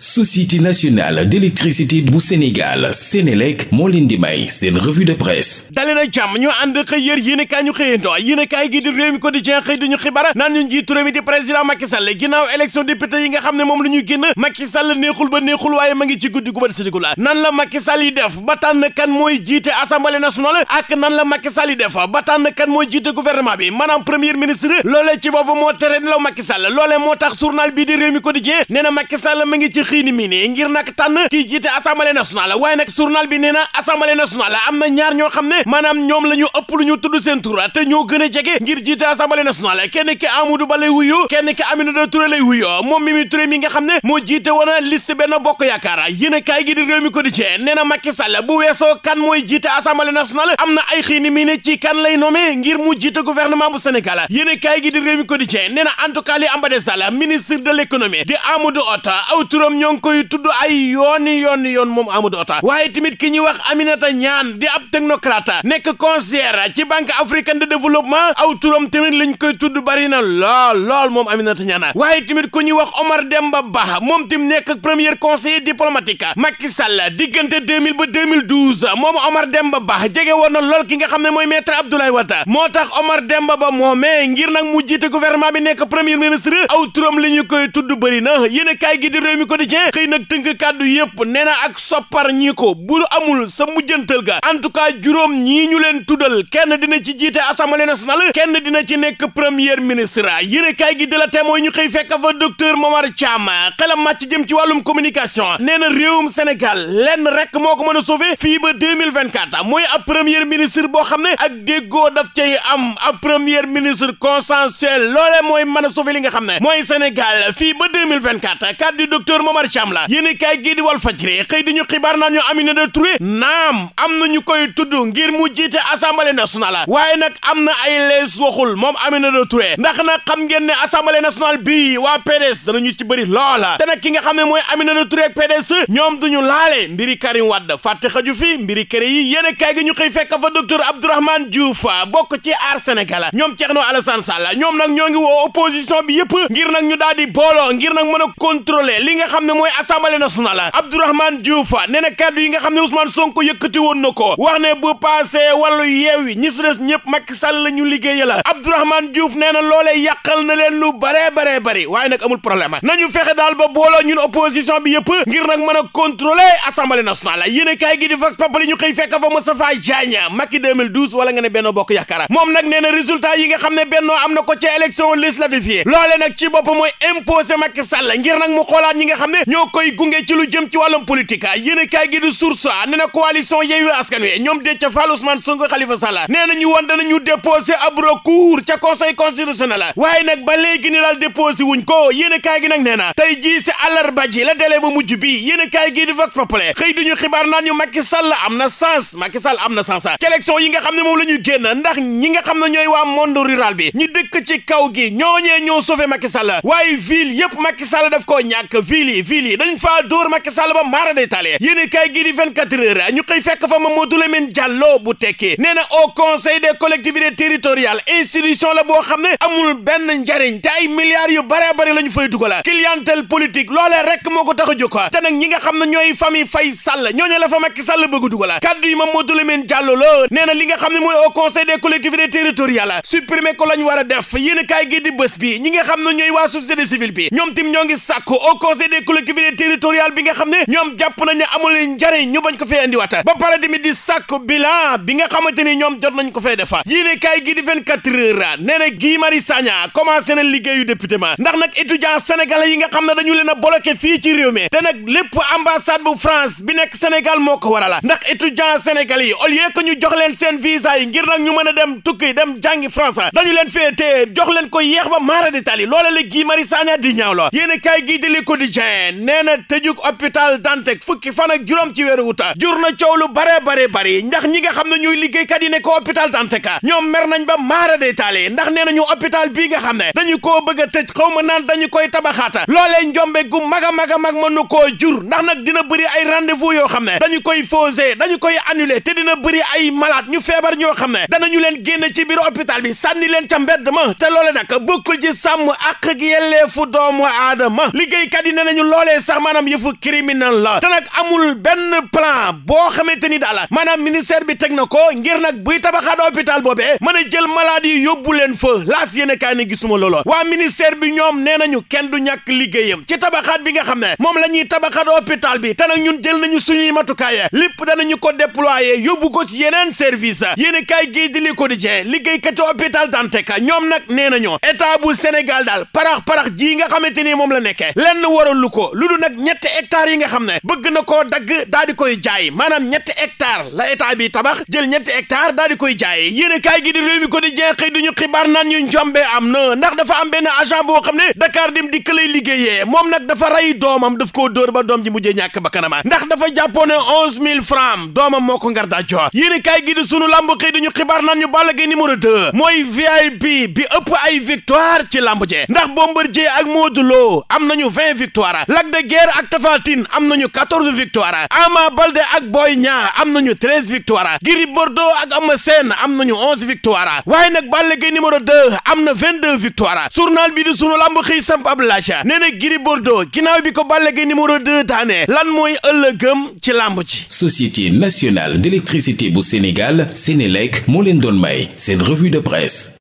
société nationale d'électricité bu Sénégal Sénélec moo leen di may seen revue de presse dali jàmm ñu ànd xëy yër yéen kaay ñu xëyandoo yéen kaay gi di réew mi quotidien xëy diñu xibaar naan ñu njiitu réew di président Macky Sall ginnaaw élection député yi nga xam ne moom la ñu génn Macky Sall neexul ba neexul waaye ma ngi ci guddi gu bët sédigul nan la Macky yi def ba tànn kan mooy jiite assemblée nationale ak nan la Macky yi def ba tànn xii ni mii nii ngir nag tànn kii jiite assemblée nationale waaye nag journal bi nee na assemblée am na ñaar ñoo ne maanaam ñoom la ñu ëpp lu ñu tudd seen tur te ñoo gën a jege ngir jiite assemblée nationale kenn ki Amadou Ba lay wuyu kenn ki Aminata Touré lay wuyu moom Mimi Touré mi nga xam ne moo jiite woon liste benn bokk yaakaar yéen a kaay gi di réew mi ko di cee nee na Macky Sall bu weesoo kan mooy jiite assemblée nationale am na ay xii ni ci kan lay nommé a ñoo ngi koy tudd ay yooni yooni yoon moom Amadou Hott waaye tamit ki ñuy wax Aminata ñaan di ab technocrate nekk conseillère ci banque africaine de développement aw turam tamit lañ koy tudd bari na lool lool moom Aminata Niane waaye tamit ku ñuy wax Omar Demba Ba moom tim nekk premier conseiller diplomatique Macky Sall diggante 2000 ba 2012 moom Omar Demba Ba jege woon na lool ki nga xam ne mooy maître Abdoulaye Wade moo tax Omar Demba Ba moomee ngir nag mu jiite gouvernement bi nekk premier ministre aw turam la ñu koy tudd bari na yéen a gi di réew mi ko Quotidien xëy nag tënk kàddu yépp nee na ak soppar ñii ko bu amul sa mujjantal ga en tout cas juróom ñii ñu leen tuddal kenn dina ci jiite assemblée nationale kenn dina ci nekk premier ministre yéene kaay gi de la témoin ñu xëy fekk fa docteur Momar Thiam xelam màcc jëm ci wàllum communication nee na réewum Sénégal lenn rek moo ko mën a sauver fii ba 2024 mooy a premier ministre boo xam ne ak déggoo daf cay am ab premier ministre consensuel loolee mooy mën a sauver li nga xam ne mooy Sénégal fii ba 2024 kàddu docteur Momar Thiam la yéen kaay gii di Walf Fadjri xëy di ñu xibaar naan ñu Aminata Touré naam am na ñu koy tudd ngir mu jiite assemblée nationale waaye nag am na ay lees waxul moom Aminata Touré ndax nag xam ngeen ne assemblée nationale bii waa PDS ñu ci bëri loola te nag ki nga xam ne mooy Aminata Touré ak PDS ñoom duñu laale mbiri Karim Wade fàtte xaju fi mbiri kër yi yéen kaay gi ñu xëy fekk fa docteur Abdourahmane Diouf bokk ci aar Sénégal ñoom Thierno Alassane Sall ñoom nag ñoo ngi woo opposition bi yëpp ngir ñu daal di booloo ngir nag mën a li xam ne mooy assemblée nationale Abdourahmane Diouf nee na kàddu yi woon na ko wax ne bu passé ñëpp Macky Sall la ñu liggéeya la Abdourahmane na loolee yàqal na leen lu bare bare bari waaye nag amul problème nañu fexe daal ba booloo ñun opposition bi yëpp ngir nag mën a contrôler assemblée nationale yéen a kaay gi di Vox Populi ñu xëy fekk fa Moustapha Diagne Macky 2012 wala nga ne Benno Bokk Yaakaar moom nag nee na résultat xam ne Benno am na ko ci élection législative yi loole nag ci bopp mooy imposé Macky Sall ngir nag mu xoolaat ñi nga xam xam ne ñoo koy gunge ci lu jëm ci wàllum politique yéen kaay gi di source nee na coalition Yewwi Askan Wi ñoom Déthié Fall Ousmane Sonko Khalifa Sall nee na ñu woon danañu déposé ab recours ca conseil constitutionnel waaye nag ba léegi ni daal déposé wuñ ko yéen kaay gi nag nee na tey jii si àllarba ji la délai bu mujj bi yéen kaay gi di vox populaire xëy duñu xibaar naan ñu Macky Sall am na sens Macky Sall am na sens ci yi nga xam ne moom la ñu génn ndax ñi nga xam ne ñooy waa monde rural bi ñu dëkk ci kaw gi ñooñee ñoo sauvé Macky Sall waaye ville yëpp Macky Sall daf koo ñàkk ville yi yi ville yi dañ faa dóor Macky Sall ba maara day taale yéen kaay gi di 24 ñu koy fekk fa Mamadou Lamine Diallo bu tekkee nee na au conseil des collectivités territoriales la boo xam ne amul benn njariñ te ay milliards yu bare bare lañu fay dugala clientèle politique loolee rek moo ko tax a jóg te nag ñi nga xam ne ñooy famille Faye Sall ñooñu la fa Macky Sall bëgg dugala kaddu yi Mamadou Lamine Diallo la nee li nga xam ne mooy au conseil des collectivités a def yéen kaay gi collectivité territoriale bi nga xam ne ñoom jàpp nañ amul njariñ ñu bañ ko fee indiwaat ba pare tamit di sàkku bilan bi nga xamante ni ñoom jot nañ ko fee defa yéene kaay gi di 24 heures nee na Guy Marius Sagna commencé liggéeyu député ndax nag étudiant sénégalais yi nga xam ne dañu leen a bloqué fii ci réew mi te lépp ambassade bu France bi nekk Sénégal moo ko waral ndax étudiant sénégalais yi au lieu que ñu jox leen seen visa yi ngir nag ñu mën a dem nee na tëjug hôpital Dantec fukki fan ak juróom ci weeru uta jur na coow lu bare bare bari ndax ñi nga xam ne ñuy liggéeykat yi ne ko hôpital Dantec ñoom mer nañ ba maara day taale ndax nee nañu hôpital bii nga xam ne dañu ko bëgg a tëj xaw ma naan dañu koy tabaxaata loolee njombe gu mag a mag a mag mën na koo jur ndax nag dina bëri ay rendez-vous yoo xam ne dañu koy fausser dañu koy annuler te dina bëri ay malade ñu feebar ñoo xam ne ñu leen génn ci biir hôpital bi sànni leen ca mbedd ma te loole nag bokkul ci sàmm ak yelleefu doomu aadama liggéeykat yi nee nañu loolee sax maanaam yëfu criminel la te amul benn plan boo xamante ni daal maanaam ministère bi teg na ko ngir nag buy tabaxaat hôpital boobee mën a jël maladi yi yóbbu leen fa laas yéen a gisuma lolo waa ministère bi ñoom nee nañu kenn du ñàkk liggéeyam ci tabaxaat bi nga xam ne moom la ñuy tabaxaat hôpital bi te ñun jël nañu suñuy matukaay lépp danañu ko déployer yóbbu ko ci yeneen service yéen a kaay gii di li ko di jee liggéeykati hôpital Dantec ñoom nag nee nañu état bu Sénégal daal parax parax ji nga xamante ni moom la nekkee lenn warul amu ko lu dul nag ñetti hectares yi nga xam ne bëgg na koo dagg daal di koy jaay maanaam ñetti hectares la état bi tabax jël ñetti hectares daal di koy jaay yéen a kaay gi di réew mi ko di jeexee du ñu xibaar naan ñu njombe am na ndax dafa am benn agent boo xam ne Dakar dem di këlay liggéeye moom nag dafa rey doomam daf koo dóor ba doom ji mujjee ñàkk ba kanama ndax dafa jàppoone onze mille francs doomam moo ko ngar daa jox yéen a kaay gi di sunu lamb xëy di ñu xibaar naan ñu Balla Gaye numéro mooy bi ëpp ay victoire ci lamb je ndax Bombardier ak Modou Lo am nañu vingt victoire Lac de Guiers ak Tapha Tine am nañu quatorze victoire Ama Baldé ak Boy ña am nañu treize victoire Gris Bordeaux ak Ama seen am nañu onze victoire waaye nag Balla Gaye numéro deux am na vingt deux victoire journal bi di sunu lamb xëy samp ab laaj nee na Gris Bordeaux bi ko Balla Gaye numéro deux daane lan mooy ëllëgëm ci lamb ci Société nationale d'électricité bu Sénégal Sénélec moo leen doon may seen revue de presse